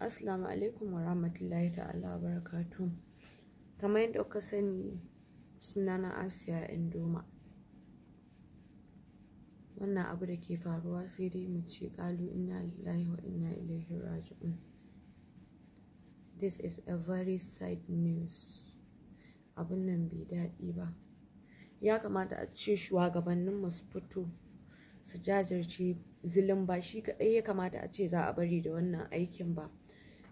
Assalamu alaikum wa rahmatullahi ta'ala wa barakatuhu. Kamar yadda kuka sani sunana Asiya Indoma. Wannan abu da ke faruwa sai dai mu ce kalu inna lillahi wa inna ilaihi raji'un. This is a very sad news. Abun nan bai daɗi ba. Ya kamata a ce shugabannin su fito su jajirce zilin ba shi kaɗai ya kamata a ce za a bari da wannan aikin ba.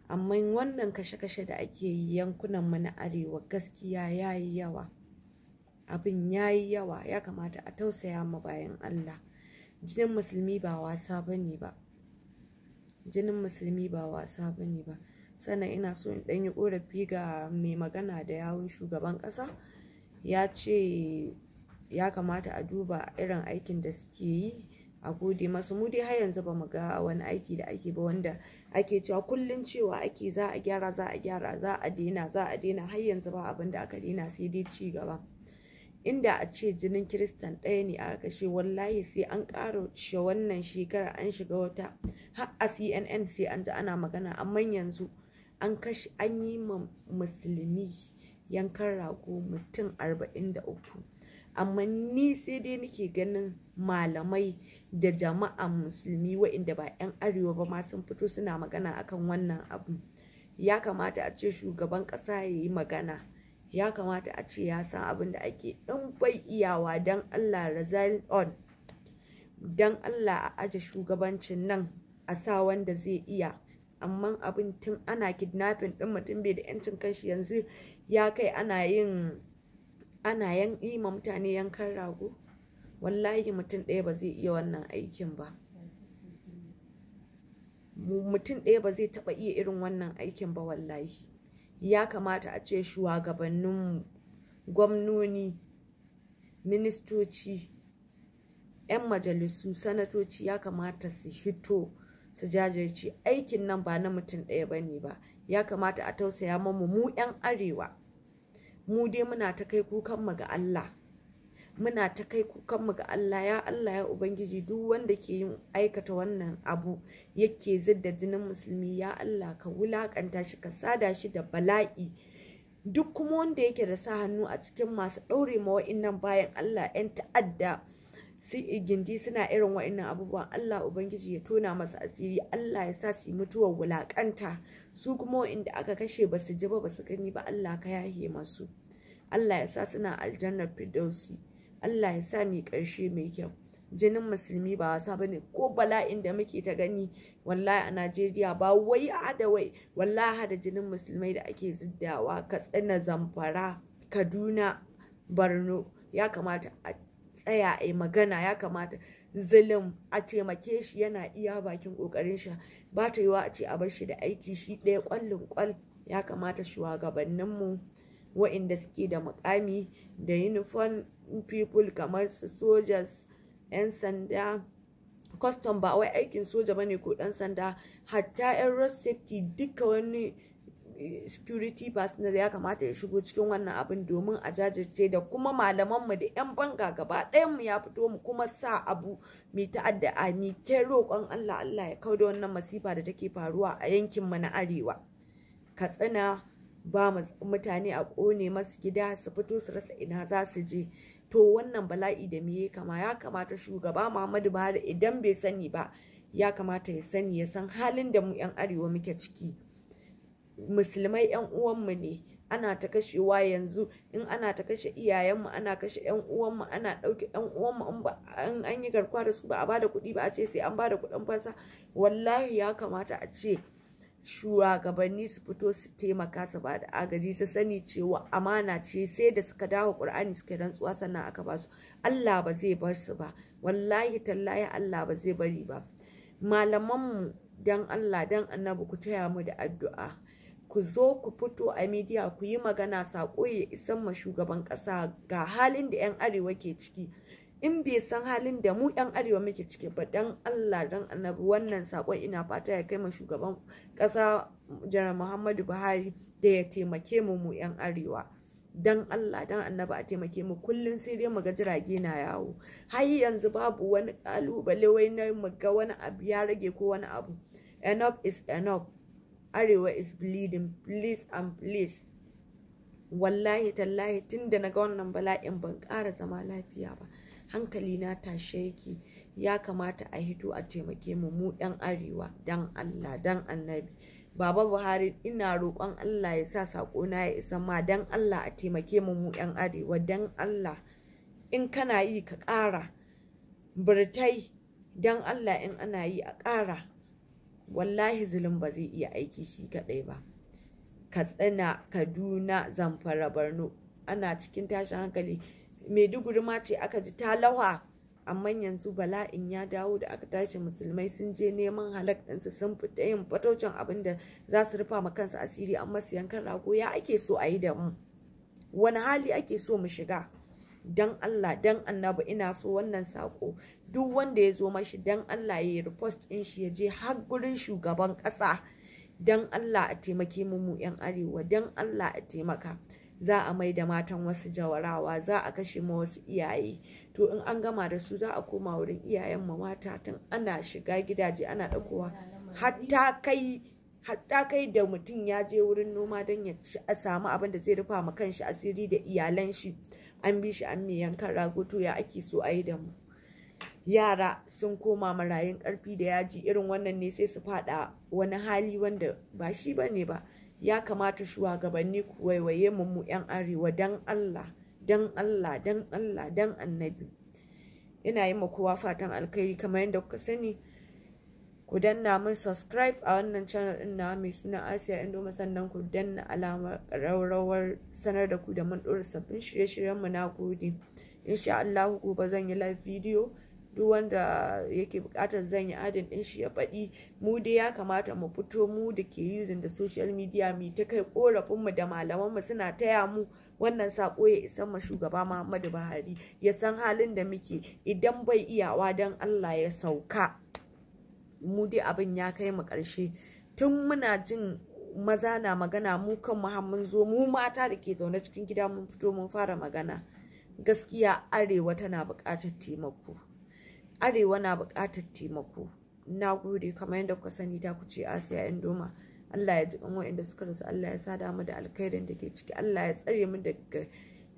amma wannan kashe-kashe da ake yi yankunan mu na arewa gaskiya ya yi yawa abin ya yi yawa ya kamata a tausaya ma bayan allah jinin musulmi ba wasa ba ne ba jinin musulmi ba wasa ba ne ba sannan ina so in ɗanyi ƙorafi ga mai magana da yawun shugaban ƙasa ya ce ya kamata a duba irin aikin da suke yi a gode masu mu dai har yanzu ba mu ga wani aiki da ake ba wanda ake cewa kullun cewa ake za a gyara za a gyara za a daina za a daina har yanzu ba abin da aka daina sai dai ci gaba inda a ce jinin kiristan ɗaya ne a kashe wallahi sai an ƙara shi wannan shekara an shiga wata har a cnn sai an ji ana magana amma yanzu an kashe an yi musulmi yankan rago mutum arba'in da uku amma ni sai dai nake ganin malamai da jama'a musulmi waɗanda ba 'yan arewa ba ma sun fito suna magana akan wannan abu ya kamata a ce shugaban ƙasa ya yi magana ya kamata a ce ya san abin da ake in bai iyawa don allah on don allah a aje shugabancin nan a sa wanda zai iya amma abin tun ana kidnapping din mutum bai da yancin kanshi yanzu ya kai ana yin ana yan yi ma mutane yankan rago wallahi mutum ɗaya ba zai iya wannan aikin ba mutum ɗaya ba zai taɓa iya irin wannan aikin ba wallahi ya kamata a ce shugabannin gwamnoni ministoci 'yan majalisu sanatoci ya kamata su hito su jajirci aikin nan ba na mutum ɗaya ba ne ba ya kamata a tausaya mamu mu 'yan arewa mu dai muna ta kai kukanmu ga Allah muna ta kai kukanmu ga Allah ya Allah ya Ubangiji duk wanda ke yin aikata wannan abu yake zidda jinin musulmi ya Allah ka wulakanta shi ka sada shi da bala'i duk kuma wanda yake da sa hannu a cikin masu ɗaure ma wa'innan bayan Allah 'yan ta'adda sai gindi suna irin wa'annan abubuwan Allah ubangiji ya tona masa asiri Allah ya sa su mutuwar wulakanta su kuma inda aka kashe ba su ji ba ba su gani ba Allah ka yahe masu Allah ya sa suna aljannar firdausi Allah ya sa mai ƙarshe mai kyau jinin musulmi ba wasa bane ko Bala inda muke ta gani wallahi a Najeriya ba wai a da wai wallahi da jinin musulmai da ake ziddawa Katsina Zamfara Kaduna Borno ya kamata a tsaya a magana ya kamata zulum a taimake shi yana iya bakin kokarin shi ba ta yiwa a ce a bar shi da aiki shi ɗaya kwallon kwal ya kamata mu wa'inda suke da mukami da uniform people kamar su soldiers 'yan sanda custom ba wai aikin soja bane ko dan sanda hatta 'yan road safety duka wani security personnel ya kamata ya shigo cikin wannan abin domin a jajirce da kuma malamanmu da 'yan banka gaba mu ya fito mu kuma sa abu mai ta'adda a ta roƙon Allah Allah ya kau da wannan masifa da take faruwa a yankinmu na arewa katsina ba mutane a ƙone masu gida su fito su rasa ina za su je to wannan bala'i da me ya kama ya kamata shugaba Muhammadu Buhari idan bai sani ba ya kamata ya sani ya san halin da mu 'yan arewa muke ciki musulmai yan uwanmu ne ana ta kashewa yanzu in ana ta kashe iyayenmu ana kashe yan uwanmu ana ɗauke yan uwanmu in ba an yi garkuwa da su ba a bada kuɗi ba a ce sai an bada kuɗin fansa wallahi ya kamata a ce shugabanni su fito su taimaka su ba da agaji su sani cewa amana ce sai da suka dawo qur'ani suka rantsuwa sannan aka ba su Allah ba zai bar su ba wallahi tallahi Allah ba zai bari ba malamanmu dan Allah dan annabi ku taya mu da addu'a ku zo ku fito a media ku yi magana saƙo ya isan ma shugaban ƙasa ga halin da 'yan arewa ke ciki in bai san halin da mu 'yan arewa muke ciki ba dan Allah dan annabi wannan saƙon ina fata ya kai ma shugaban ƙasa janar Muhammadu Buhari da ya taimake mu mu 'yan arewa dan Allah dan annabi a taimake mu kullum sai dai muga jirage na yawo har yanzu babu wani kalubale wai na muga wani abu ya rage ko wani abu enough is enough arewa is bleeding please and please wallahi tallahi tunda naga wannan bala'in ban ƙara zama lafiya ba hankali na tashe yake ya kamata a hito a taimake mu mu ɗan arewa dan Allah dan annabi baba Buhari ina roƙon Allah ya sa sako na ya isa ma dan Allah a taimake mu mu ɗan arewa dan Allah in kana yi ka ƙara birtai dan Allah in ana yi a ƙara wallahi zulum ba zai iya aiki shi kaɗai ba katsina kaduna zamfara borno ana cikin tashin hankali maiduguri ma ce aka ji ta lawa amma yanzu bala'in ya dawo da aka tashi musulmai sun je neman halak sun fita yin fatocin abin da za su rufa ma kansu asiri Amma siyan yankan rago ya ake so a yi da mu wani hali ake so mu shiga dan Allah dan annabi ina so wannan sako duk wanda ya zo mashi dan Allah ya yi repost din shi ya je har gurin shugaban kasa dan Allah a taimake mu mu yan arewa dan Allah a taimaka za a mai da matan wasu jawarawa za a kashe ma wasu iyaye to in an gama da su za a koma wurin iyayen mu mata tun ana shiga gidaje ana dakowa. hatta kai hatta kai da mutum ya je wurin noma don ya samu abin da zai rufa ma kanshi asiri da iyalan shi an bi shi an mai yankan rago to ya ake so a yi da mu yara sun koma marayun karfi da yaji irin wannan ne sai su fada wani hali wanda ba shi ba ne ba ya kamata shugabanni ku waiwaye mu mu yan arewa dan Allah dan Allah dan Allah dan annabi ina yi ma kowa fatan alkhairi kamar yadda kuka sani ku danna min subscribe a wannan channel din na mai suna Asiya Indoma sannan ku danna alamar rawar sanar da ku da mun dora sabbin shirye-shiryen mu na gode insha Allah gobe zan yi live video duk wanda yake bukatar zan yi adin din shi ya fadi mu dai ya kamata mu fito mu da ke using da social media mu ta kai korafin mu da malaman mu suna taya mu wannan sako ya isa ma shugaba Muhammadu Buhari ya san halin da muke idan bai iyawa dan Allah ya sauka mu dai abin ya kai mu ƙarshe tun muna jin maza na magana mu kan mu zo mu mata da ke zaune cikin gida mun fito mun fara magana gaskiya arewa tana buƙatar taimako arewa na buƙatar taimako na gode kamar yadda kuka sani ta kuce asiya indoma allah ya ji kan wa'inda suka rasu allah ya sada mu da alkhairin da ke ciki allah ya tsare mu daga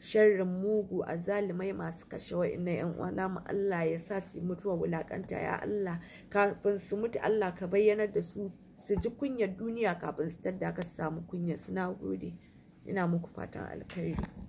sharrin mugu a zalimai masu kashe wa'annan yan uwana mu Allah ya sa su mutuwa wulakanta ya Allah kafin su mutu Allah ka bayyanar da su su ji kunyar duniya kafin su tadda ka samu kunyar suna gode ina muku fatan alkhairi